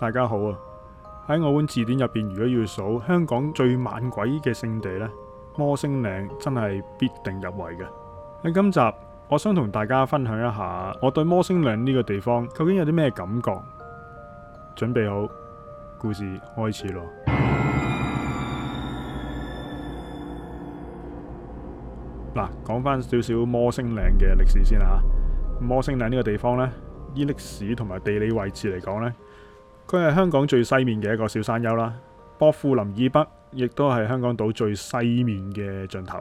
大家好啊！喺我本字典入邊，如果要數香港最猛鬼嘅勝地呢，摩星嶺真係必定入圍嘅。喺今集，我想同大家分享一下我對摩星嶺呢個地方究竟有啲咩感覺。準備好，故事開始咯。嗱，講翻少少摩星嶺嘅歷史先啦。吓，摩星嶺呢個地方呢，以歷史同埋地理位置嚟講呢。佢係香港最西面嘅一個小山丘啦，薄扶林以北，亦都係香港島最西面嘅盡頭。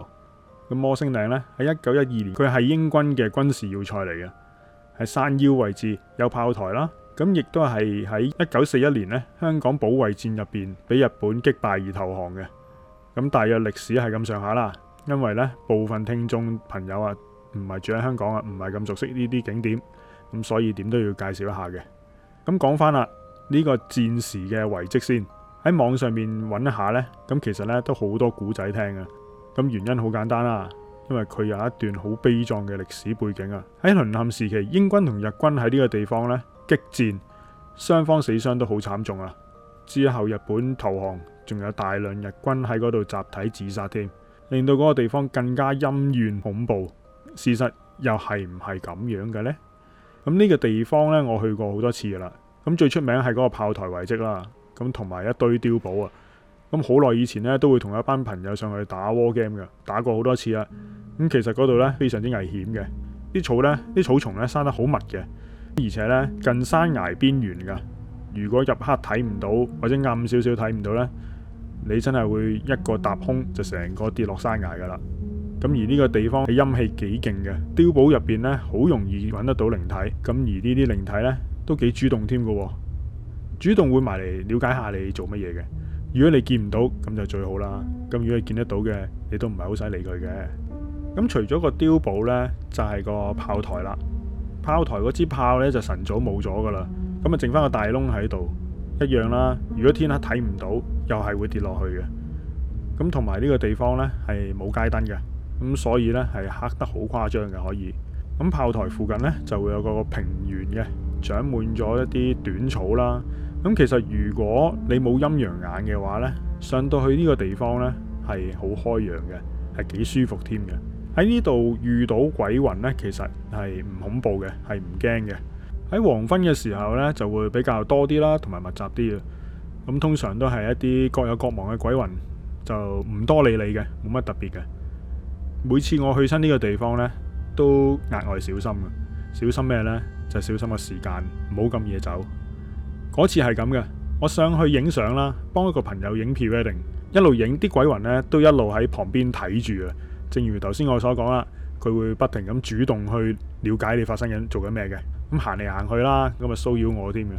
咁摩星嶺呢，喺一九一二年，佢係英軍嘅軍事要塞嚟嘅，喺山腰位置有炮台啦。咁亦都係喺一九四一年呢，香港保衛戰入邊俾日本擊敗而投降嘅。咁大約歷史係咁上下啦。因為呢部分聽眾朋友啊，唔係住喺香港啊，唔係咁熟悉呢啲景點，咁所以點都要介紹一下嘅。咁講返啦。呢個戰時嘅遺蹟先，喺網上面揾一下呢。咁其實呢，都好多古仔聽啊。咁原因好簡單啦，因為佢有一段好悲壯嘅歷史背景啊。喺淪陷時期，英軍同日軍喺呢個地方呢激戰，雙方死傷都好慘重啊。之後日本投降，仲有大量日軍喺嗰度集體自殺添，令到嗰個地方更加陰怨恐怖。事實又係唔係咁樣嘅呢？咁呢個地方呢，我去過好多次㗎啦。咁最出名係嗰個炮台遺跡啦，咁同埋一堆碉堡啊，咁好耐以前呢都會同一班朋友上去打 war game 嘅，打過好多次啦。咁其實嗰度呢非常之危險嘅，啲草呢，啲草叢呢生得好密嘅，而且呢近山崖邊緣噶，如果入黑睇唔到或者暗少少睇唔到呢，你真係會一個踏空就成個跌落山崖噶啦。咁而呢個地方嘅陰氣幾勁嘅，碉堡入邊呢好容易揾得到靈體，咁而呢啲靈體呢，都幾主動添嘅喎，主動會埋嚟了解下你做乜嘢嘅。如果你見唔到咁就最好啦。咁如果見得到嘅，你都唔係好使理佢嘅。咁除咗個碉堡呢，就係、是、個炮台啦。炮台嗰支炮呢，就晨早冇咗噶啦，咁啊剩翻個大窿喺度一樣啦。如果天黑睇唔到，又係會跌落去嘅。咁同埋呢個地方呢，係冇街燈嘅，咁所以呢，係黑得好誇張嘅可以。咁炮台附近呢，就會有個平原嘅。長滿咗一啲短草啦，咁其實如果你冇陰陽眼嘅話呢，上到去呢個地方呢，係好開揚嘅，係幾舒服添嘅。喺呢度遇到鬼魂呢，其實係唔恐怖嘅，係唔驚嘅。喺黃昏嘅時候呢，就會比較多啲啦，同埋密集啲嘅。咁通常都係一啲各有各忙嘅鬼魂，就唔多理你嘅，冇乜特別嘅。每次我去親呢個地方呢，都額外小心嘅，小心咩呢？就小心個時間，唔好咁夜走。嗰次係咁嘅，我上去影相啦，幫一個朋友影 pre-wedding，一路影啲鬼魂呢，都一路喺旁邊睇住啊。正如頭先我所講啦，佢會不停咁主動去了解你發生緊做緊咩嘅。咁行嚟行去啦，咁啊騷擾我添嘅。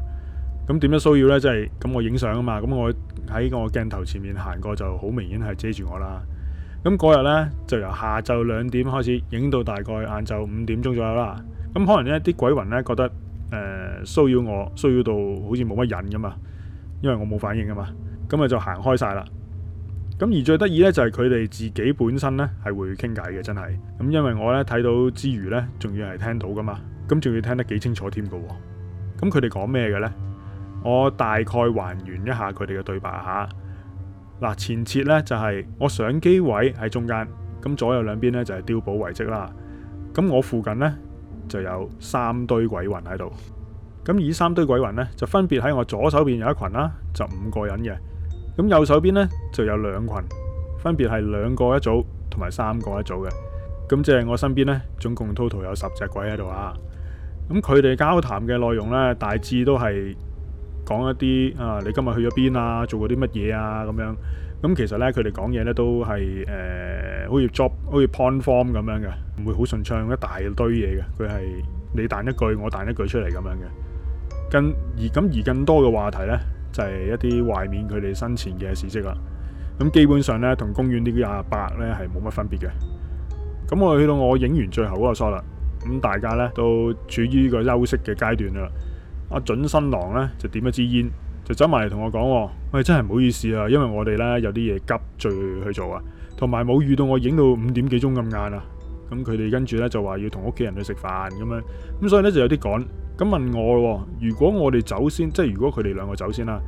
咁點樣騷擾呢？即係咁我影相啊嘛。咁我喺我鏡頭前面行過就好明顯係遮住我啦。咁嗰日呢，就由下晝兩點開始影到大概晏晝五點鐘左右啦。咁可能呢啲鬼魂呢，覺得誒、呃、騷擾我，騷擾到好似冇乜癮㗎嘛，因為我冇反應㗎嘛，咁啊就行開晒啦。咁而最得意呢，就係佢哋自己本身呢係會傾偈嘅，真係咁。因為我呢睇到之餘呢，仲要係聽到㗎嘛，咁仲要聽得幾清楚添㗎、啊。咁佢哋講咩嘅呢？我大概還原一下佢哋嘅對白吓嗱、啊。前設呢就係、是、我相機位喺中間，咁左右兩邊呢就係、是、碉堡遺跡啦。咁我附近呢，就有三堆鬼魂喺度，咁以三堆鬼魂呢，就分別喺我左手邊有一群啦，就五個人嘅；咁右手邊呢，就有兩群，分別係兩個一組，同埋三個一組嘅。咁即係我身邊呢，總共 total 有十隻鬼喺度啊！咁佢哋交談嘅內容呢，大致都係。講一啲啊，你今日去咗邊啊？做過啲乜嘢啊？咁樣咁其實呢，佢哋講嘢呢都係誒、呃，好似 job，好似 point form 咁樣嘅，唔會好順暢，一大堆嘢嘅。佢係你彈一句，我彈一句出嚟咁樣嘅。更而咁而更多嘅話題呢，就係、是、一啲懷緬，佢哋生前嘅事跡啦。咁基本上呢，同公園啲阿伯呢係冇乜分別嘅。咁我去到我影完最後嗰個 shot 啦，咁大家呢都處於個休息嘅階段啦。阿準新郎咧就點一支煙，就走埋嚟同我講：喂，真係唔好意思啊，因為我哋咧有啲嘢急住去做啊，同埋冇預到我影到五點幾鐘咁晏啊。咁佢哋跟住咧就話要同屋企人去食飯咁樣，咁所以咧就有啲趕，咁問我：如果我哋走先，即係如果佢哋兩個走先啦，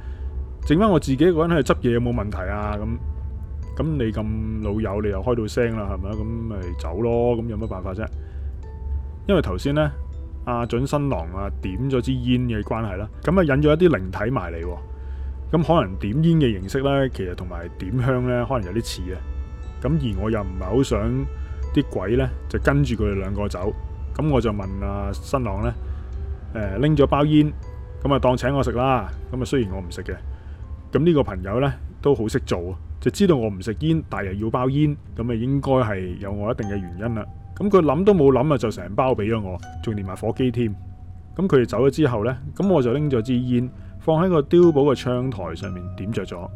剩返我自己一個人喺度執嘢有冇問題啊？咁，咁你咁老友，你又開到聲啦，係咪啊？咁咪走咯，咁有乜辦法啫？因為頭先咧。阿準新郎啊，點咗支煙嘅關係啦，咁啊引咗一啲靈體埋嚟，咁可能點煙嘅形式呢，其實同埋點香呢，可能有啲似啊。咁而我又唔係好想啲鬼呢，就跟住佢哋兩個走，咁我就問阿新郎呢，誒，拎咗包煙，咁啊當請我食啦，咁啊雖然我唔食嘅，咁呢個朋友呢，都好識做，啊，就知道我唔食煙，但係要包煙，咁啊應該係有我一定嘅原因啦。咁佢諗都冇諗啊，就成包俾咗我，仲連埋火機添。咁佢哋走咗之後呢，咁我就拎咗支煙放喺個碉堡嘅窗台上面點着咗，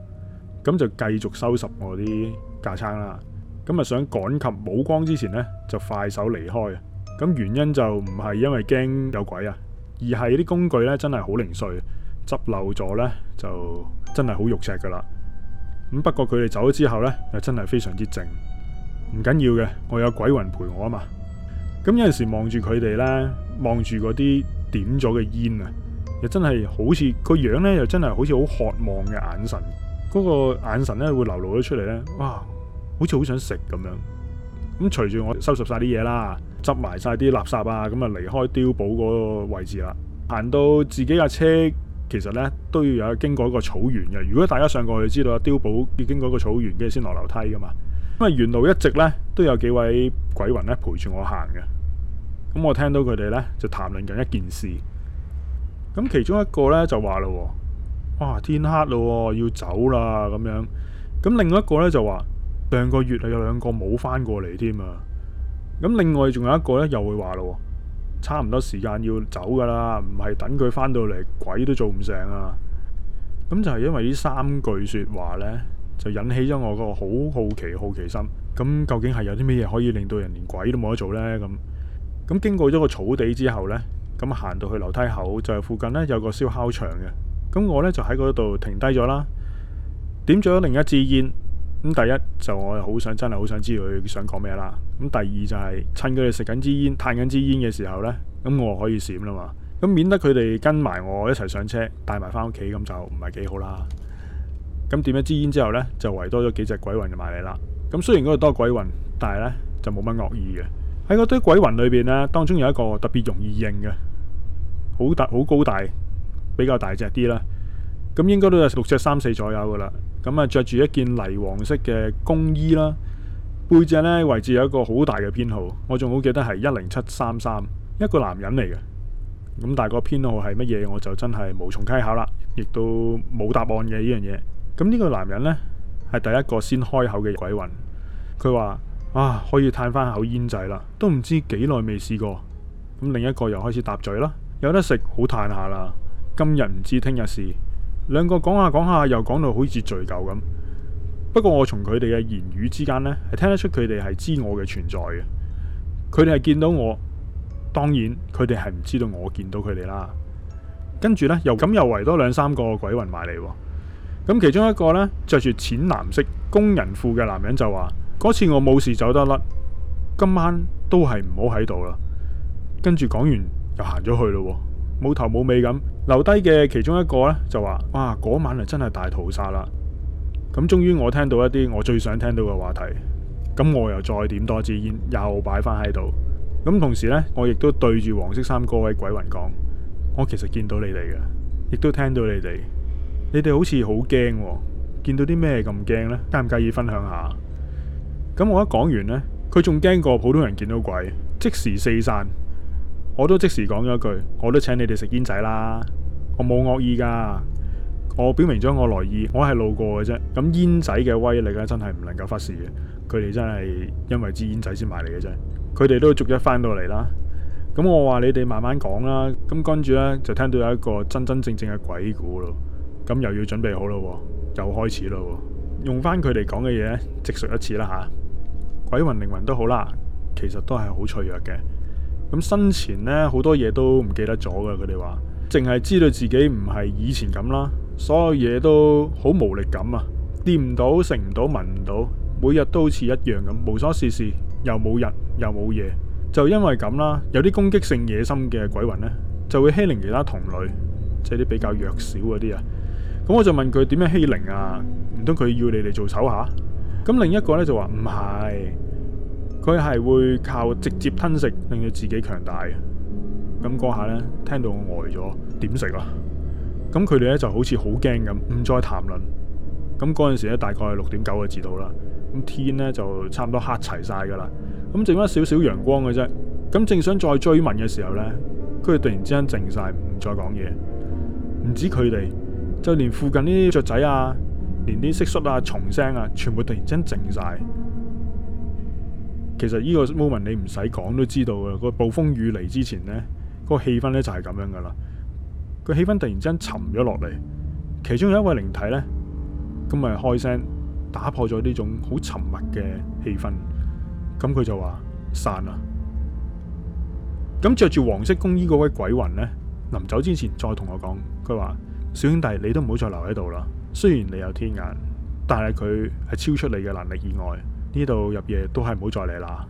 咁就繼續收拾我啲架撐啦。咁啊想趕及冇光之前呢，就快手離開。咁原因就唔係因為驚有鬼啊，而係啲工具呢真係好零碎，執漏咗呢就真係好肉赤噶啦。咁不過佢哋走咗之後呢，又真係非常之靜。唔緊要嘅，我有鬼魂陪我啊嘛！咁有陣時望住佢哋呢，望住嗰啲點咗嘅煙啊，又真係好似個樣呢，又真係好似好渴望嘅眼神，嗰個眼神呢會流露咗出嚟，呢，哇，好似好想食咁樣。咁隨住我收拾晒啲嘢啦，執埋晒啲垃圾啊，咁啊離開碉堡嗰個位置啦，行到自己架車，其實呢都要有經過一個草原嘅。如果大家上過去知道啊，碉堡要經過一個草原，跟住先落樓梯噶嘛。咁啊，沿路一直咧都有幾位鬼魂咧陪住我行嘅，咁我聽到佢哋咧就談論緊一件事，咁其中一個咧就話啦，哇，天黑啦，要走啦咁樣，咁另外一個咧就話上個月啊有兩個冇翻過嚟添啊，咁另外仲有一個咧又會話啦，差唔多時間要走噶啦，唔係等佢翻到嚟鬼都做唔成啊，咁就係因為呢三句說話咧。就引起咗我個好好奇好奇心，咁究竟係有啲咩嘢可以令到人連鬼都冇得做呢？咁咁經過咗個草地之後呢，咁行到去樓梯口就係附近呢有個燒烤場嘅，咁我呢就喺嗰度停低咗啦，點咗另一支煙。咁第一就我好想真係好想知道佢想講咩啦，咁第二就係趁佢哋食緊支煙，嘆緊支煙嘅時候呢，咁我可以閃啦嘛，咁免得佢哋跟埋我一齊上車，帶埋返屋企咁就唔係幾好啦。咁點一支煙之後呢，就圍多咗幾隻鬼魂就埋嚟啦。咁雖然嗰度多鬼魂，但係呢，就冇乜惡意嘅。喺嗰堆鬼魂裏邊呢，當中有一個特別容易認嘅，好大好高大，比較大隻啲啦。咁應該都有六尺三四左右噶啦。咁啊，着住一件泥黃色嘅工衣啦，背脊呢位置有一個好大嘅編號，我仲好記得係一零七三三，一個男人嚟嘅。咁但係個編號係乜嘢，我就真係無從稽考啦，亦都冇答案嘅呢樣嘢。咁呢個男人呢，係第一個先開口嘅鬼魂。佢話：啊，可以嘆翻口煙仔啦，都唔知幾耐未試過。咁另一個又開始搭嘴啦，有得食好嘆下啦。今日唔知聽日事。兩個講下講下，又講到好似聚舊咁。不過我從佢哋嘅言語之間呢，係聽得出佢哋係知我嘅存在嘅。佢哋係見到我，當然佢哋係唔知道我見到佢哋啦。跟住呢，又咁又圍多兩三個鬼魂埋嚟。咁其中一個呢，著住淺藍色工人褲嘅男人就話：嗰次我冇事走得甩，今晚都係唔好喺度啦。跟住講完就行咗去咯，冇頭冇尾咁。留低嘅其中一個呢，就話：哇，嗰晚啊真係大屠殺啦！咁終於我聽到一啲我最想聽到嘅話題，咁我又再點多支煙，又擺翻喺度。咁同時呢，我亦都對住黃色衫嗰位鬼魂講：我其實見到你哋嘅，亦都聽到你哋。你哋好似好驚，見到啲咩咁驚呢？介唔介意分享下？咁我一講完呢，佢仲驚過普通人見到鬼，即時四散。我都即時講咗一句，我都請你哋食煙仔啦，我冇惡意噶，我表明咗我來意，我係路過嘅啫。咁煙仔嘅威力咧，真係唔能夠忽視嘅。佢哋真係因為支煙仔先買嚟嘅啫。佢哋都逐一返到嚟啦。咁我話你哋慢慢講啦。咁跟住呢，就聽到有一個真真正正嘅鬼故咯。咁又要準備好啦，又開始啦。用翻佢哋講嘅嘢咧，直述一次啦嚇。鬼魂靈魂都好啦，其實都係好脆弱嘅。咁生前咧，好多嘢都唔記得咗噶，佢哋話淨係知道自己唔係以前咁啦，所有嘢都好無力感啊，掂唔到，食唔到，聞唔到，每日都好似一樣咁，無所事事，又冇日又冇夜。就因為咁啦，有啲攻擊性野心嘅鬼魂咧，就會欺凌其他同類，即係啲比較弱小嗰啲啊。咁我就問佢點樣欺凌啊？唔通佢要你哋做手下？咁另一個咧就話唔係，佢係會靠直接吞食令到自己強大嘅。咁嗰下咧聽到我呆咗，點食啊？咁佢哋咧就好似好驚咁，唔再談論。咁嗰陣時咧，大概係六點九個字到啦。咁天咧就差唔多黑齊晒噶啦。咁剩翻少少陽光嘅啫。咁正想再追問嘅時候咧，佢哋突然之間靜晒，唔再講嘢。唔止佢哋。就連附近啲雀仔啊，連啲蟋蟀啊、蟲聲啊，全部突然間靜晒。其實呢個 moment 你唔使講都知道嘅，個暴風雨嚟之前呢，個氣氛呢就係咁樣噶啦。個氣氛突然間沉咗落嚟，其中有一位靈體呢，咁咪開聲打破咗呢種好沉默嘅氣氛。咁佢就話，散啦。咁着住黃色公衣嗰位鬼魂呢，臨走之前再同我講，佢話。小兄弟，你都唔好再留喺度啦。雖然你有天眼，但係佢係超出你嘅能力以外。呢度入夜都係唔好再嚟啦。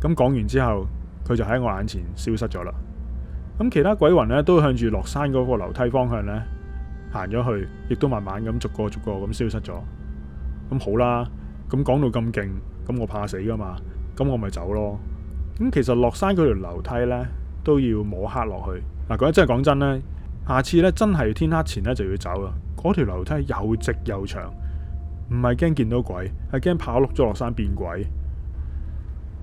咁、嗯、講完之後，佢就喺我眼前消失咗啦。咁、嗯、其他鬼魂呢，都向住落山嗰個樓梯方向呢行咗去，亦都慢慢咁逐個逐個咁消失咗。咁、嗯、好啦，咁講到咁勁，咁我怕死㗎嘛，咁我咪走咯。咁、嗯、其實落山嗰條樓梯呢，都要摸黑落去。嗱、啊，講真，講真呢。下次咧，真係天黑前咧就要走啦，嗰條樓梯，又直又長，唔係驚見到鬼，係驚跑碌咗落山變鬼。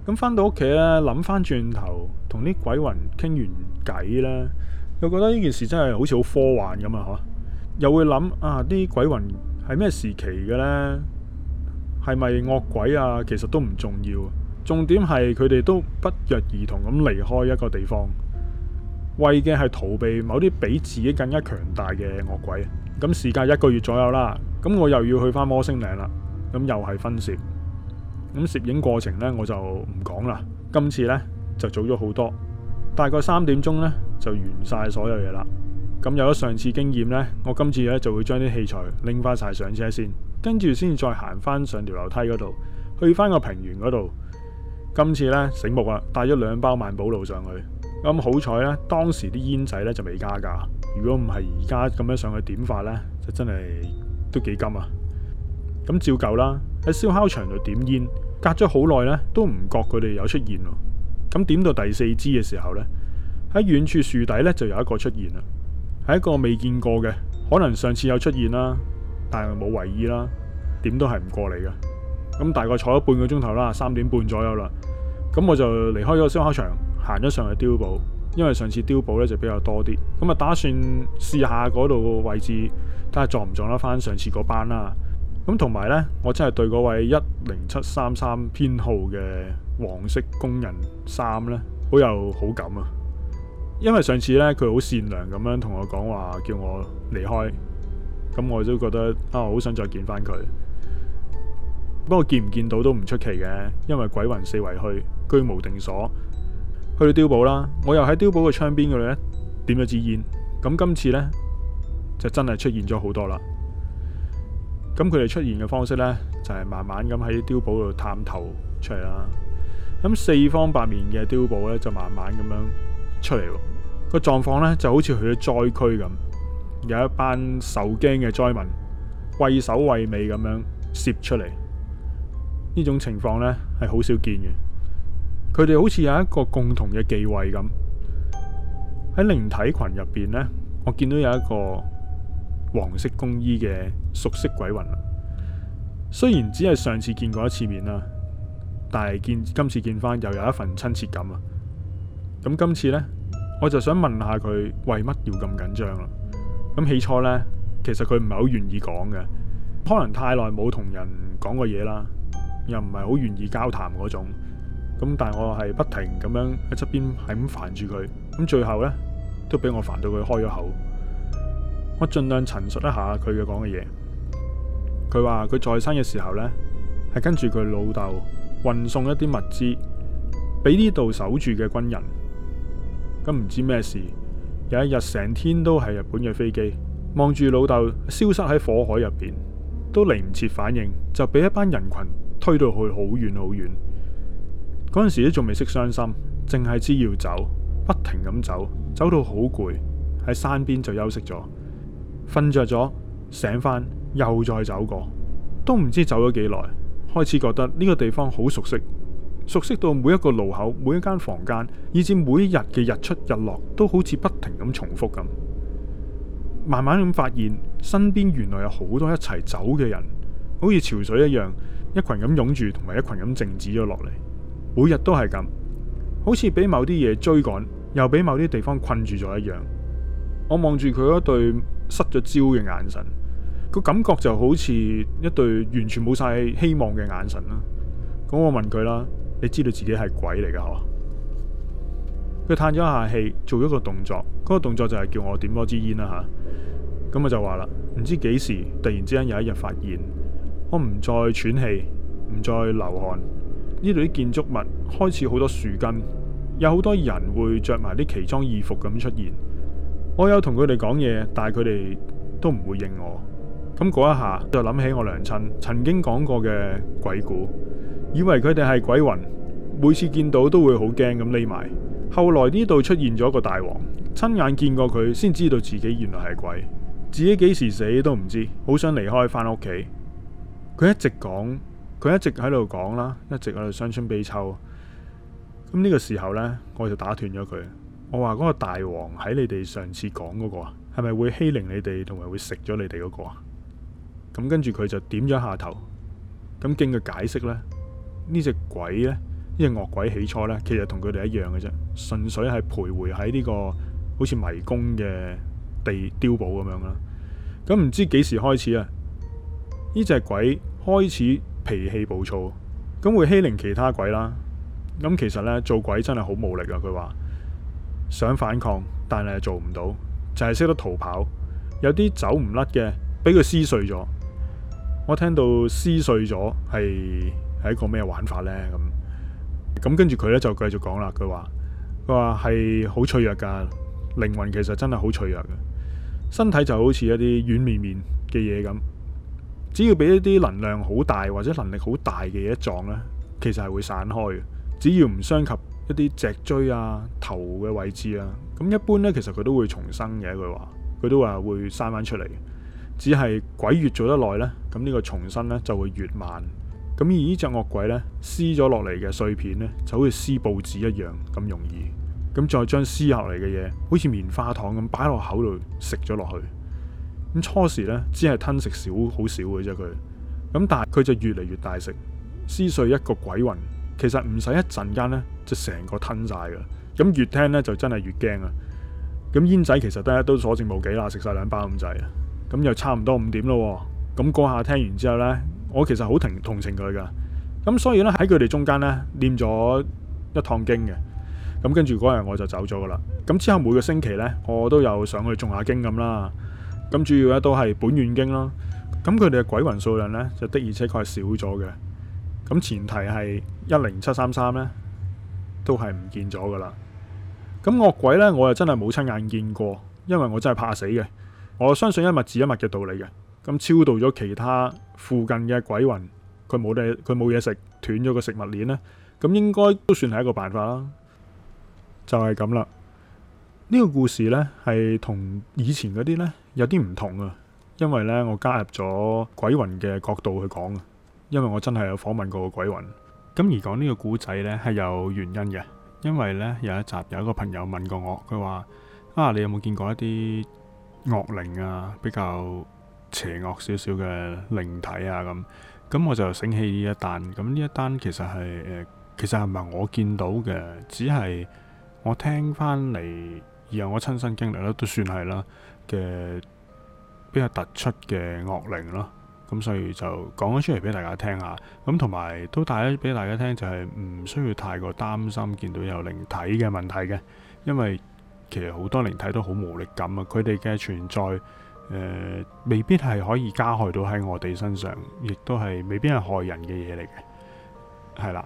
咁返到屋企咧，諗翻轉頭，同啲鬼魂傾完偈咧，又覺得呢件事真係好似好科幻咁啊！又會諗啊，啲鬼魂係咩時期嘅呢？係咪惡鬼啊？其實都唔重要，重點係佢哋都不約而同咁離開一個地方，為嘅係逃避某啲比自己更加強大嘅惡鬼，咁時間一個月左右啦，咁我又要去翻摩星嶺啦，咁又係分攝，咁攝影過程咧我就唔講啦，今次咧就早咗好多，大概三點鐘咧就完晒所有嘢啦，咁有咗上次經驗咧，我今次咧就會將啲器材拎翻晒上車先，跟住先再行翻上條樓梯嗰度，去翻個平原嗰度，今次咧醒目啦，帶咗兩包萬寶路上去。咁好彩呢，當時啲煙仔呢就未加價。如果唔係而家咁樣上去點法呢，就真係都幾金啊！咁照舊啦，喺燒烤場度點煙，隔咗好耐呢都唔覺佢哋有出現。咁點到第四支嘅時候呢，喺遠處樹底呢就有一個出現啦，係一個未見過嘅，可能上次有出現啦，但係冇為意啦，點都係唔過嚟嘅。咁大概坐咗半個鐘頭啦，三點半左右啦，咁我就離開咗燒烤場。行咗上去碉堡，因為上次碉堡咧就比較多啲，咁啊打算試下嗰度個位置，睇下撞唔撞得翻上次嗰班啦、啊。咁同埋呢，我真係對嗰位一零七三三編號嘅黃色工人衫呢好有好感啊！因為上次呢，佢好善良咁樣同我講話，叫我離開，咁我都覺得啊，好想再見翻佢。見不過見唔見到都唔出奇嘅，因為鬼魂四圍去，居無定所。去到碉堡啦，我又喺碉堡嘅窗邊嗰度咧，點咗支煙。咁今次呢，就真係出現咗好多啦。咁佢哋出現嘅方式呢，就係、是、慢慢咁喺碉堡度探頭出嚟啦。咁四方八面嘅碉堡呢，就慢慢咁樣出嚟。個狀況呢，就好似去咗災區咁，有一班受驚嘅災民畏首畏尾咁樣攝出嚟。呢種情況呢，係好少見嘅。佢哋好似有一個共同嘅忌諱咁，喺靈體群入邊呢，我見到有一個黃色工衣嘅熟悉鬼魂啦。雖然只係上次見過一次面啦，但係見今次見翻又有一份親切感啊。咁今次呢，我就想問下佢為乜要咁緊張啦？咁起初呢，其實佢唔係好願意講嘅，可能太耐冇同人講過嘢啦，又唔係好願意交談嗰種。咁但係我係不停咁樣喺側邊係咁煩住佢，咁最後呢，都俾我煩到佢開咗口。我盡量陳述一下佢嘅講嘅嘢。佢話佢在生嘅時候呢，係跟住佢老豆運送一啲物資，俾呢度守住嘅軍人。咁唔知咩事，有一日成天都係日本嘅飛機，望住老豆消失喺火海入邊，都嚟唔切反應，就俾一班人群推到去好遠好遠。嗰陣時都仲未識傷心，淨係知要走，不停咁走，走到好攰，喺山邊就休息咗，瞓着咗，醒返，又再走過，都唔知走咗幾耐，開始覺得呢個地方好熟悉，熟悉到每一個路口、每一間房間，以至每一日嘅日出日落都好似不停咁重複咁。慢慢咁發現身邊原來有好多一齊走嘅人，好似潮水一樣，一群咁湧住，同埋一群咁靜止咗落嚟。每日都係咁，好似俾某啲嘢追趕，又俾某啲地方困住咗一樣。我望住佢嗰對失咗焦嘅眼神，個感覺就好似一對完全冇晒希望嘅眼神啦。咁我問佢啦，你知道自己係鬼嚟嘅嗬？佢嘆咗一下氣，做咗個動作，嗰個動作就係叫我點多支煙啦吓。咁我就話啦，唔知幾時突然之間有一日發現，我唔再喘氣，唔再流汗。呢度啲建築物開始好多樹根，有好多人會着埋啲奇裝異服咁出現。我有同佢哋講嘢，但係佢哋都唔會應我。咁嗰一下就諗起我娘親曾經講過嘅鬼故，以為佢哋係鬼魂，每次見到都會好驚咁匿埋。後來呢度出現咗個大王，親眼見過佢，先知道自己原來係鬼，自己幾時死都唔知，好想離開翻屋企。佢一直講。佢一直喺度講啦，一直喺度傷春悲秋。咁呢個時候呢，我就打斷咗佢。我話嗰個大王喺你哋上次講嗰個啊，係咪會欺凌你哋，同埋會食咗你哋嗰個啊？咁跟住佢就點咗下頭。咁經佢解釋呢，呢隻鬼咧，呢隻惡鬼起初呢，其實同佢哋一樣嘅啫，純粹係徘徊喺呢個好似迷宮嘅地碉堡咁樣啦。咁唔知幾時開始啊？呢隻鬼開始。脾氣暴躁，咁會欺凌其他鬼啦。咁其實呢，做鬼真係好無力啊。佢話想反抗，但係做唔到，就係識得逃跑。有啲走唔甩嘅，俾佢撕碎咗。我聽到撕碎咗係係一個咩玩法呢？咁咁跟住佢呢，就繼續講啦。佢話佢話係好脆弱噶，靈魂其實真係好脆弱嘅，身體就好似一啲軟綿綿嘅嘢咁。只要俾一啲能量好大或者能力好大嘅嘢一撞呢，其實係會散開嘅。只要唔傷及一啲脊椎啊、頭嘅位置啊，咁一般呢，其實佢都會重生嘅。佢話，佢都話會生翻出嚟。只係鬼越做得耐呢，咁呢個重生呢就會越慢。咁而呢隻惡鬼呢，撕咗落嚟嘅碎片呢，就好似撕報紙一樣咁容易。咁再將撕落嚟嘅嘢，好似棉花糖咁擺落口度食咗落去。咁初時咧，只係吞食少，好少嘅啫。佢咁，但係佢就越嚟越大食，撕碎一個鬼魂，其實唔使一陣間咧，就成個吞晒㗎。咁越聽咧，就真係越驚啊！咁煙仔其實大家都所剩無幾啦，食晒兩包咁滯啊。咁又差唔多五點咯。咁嗰下聽完之後咧，我其實好同同情佢噶。咁所以咧喺佢哋中間咧念咗一趟經嘅。咁跟住嗰日我就走咗噶啦。咁之後每個星期咧，我都有上去誦下經咁啦。咁主要咧都係本願經咯，咁佢哋嘅鬼魂數量咧就的而且確係少咗嘅，咁前提係一零七三三咧都係唔見咗噶啦，咁惡鬼咧我又真係冇親眼見過，因為我真係怕死嘅，我相信一物治一物嘅道理嘅，咁超度咗其他附近嘅鬼魂，佢冇嘢佢冇嘢食，斷咗個食物鏈咧，咁應該都算係一個辦法啦，就係咁啦，呢個故事咧係同以前嗰啲咧。有啲唔同啊，因為呢，我加入咗鬼魂嘅角度去講啊，因為我真係有訪問過個鬼魂。咁而講呢個古仔呢，係有原因嘅，因為呢，有一集有一個朋友問過我，佢話啊，你有冇見過一啲惡靈啊，比較邪惡少少嘅靈體啊咁？咁我就醒起呢一單，咁呢一單其實係其實係唔係我見到嘅，只係我聽返嚟。而我親身經歷都算係啦嘅比較突出嘅惡靈咯。咁所以就講咗出嚟俾大家聽下。咁同埋都帶咗俾大家聽，就係唔需要太過擔心見到有靈體嘅問題嘅，因為其實好多靈體都好無力感啊。佢哋嘅存在，呃，未必係可以加害到喺我哋身上，亦都係未必係害人嘅嘢嚟嘅。係啦，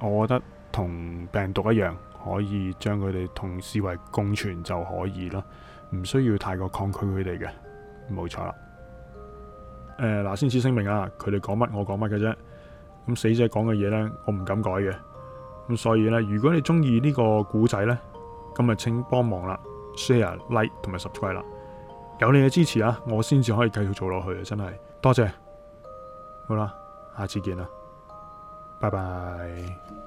我覺得同病毒一樣。可以將佢哋同視為共存就可以啦，唔需要太過抗拒佢哋嘅，冇錯啦。誒、呃、嗱，先至聲明啊，佢哋講乜我講乜嘅啫。咁死者講嘅嘢呢，我唔敢改嘅。咁所以呢，如果你中意呢個古仔呢，咁咪請幫忙啦，share、like 同埋 subscribe 啦。有你嘅支持啊，我先至可以繼續做落去啊，真係多謝。好啦，下次見啦，拜拜。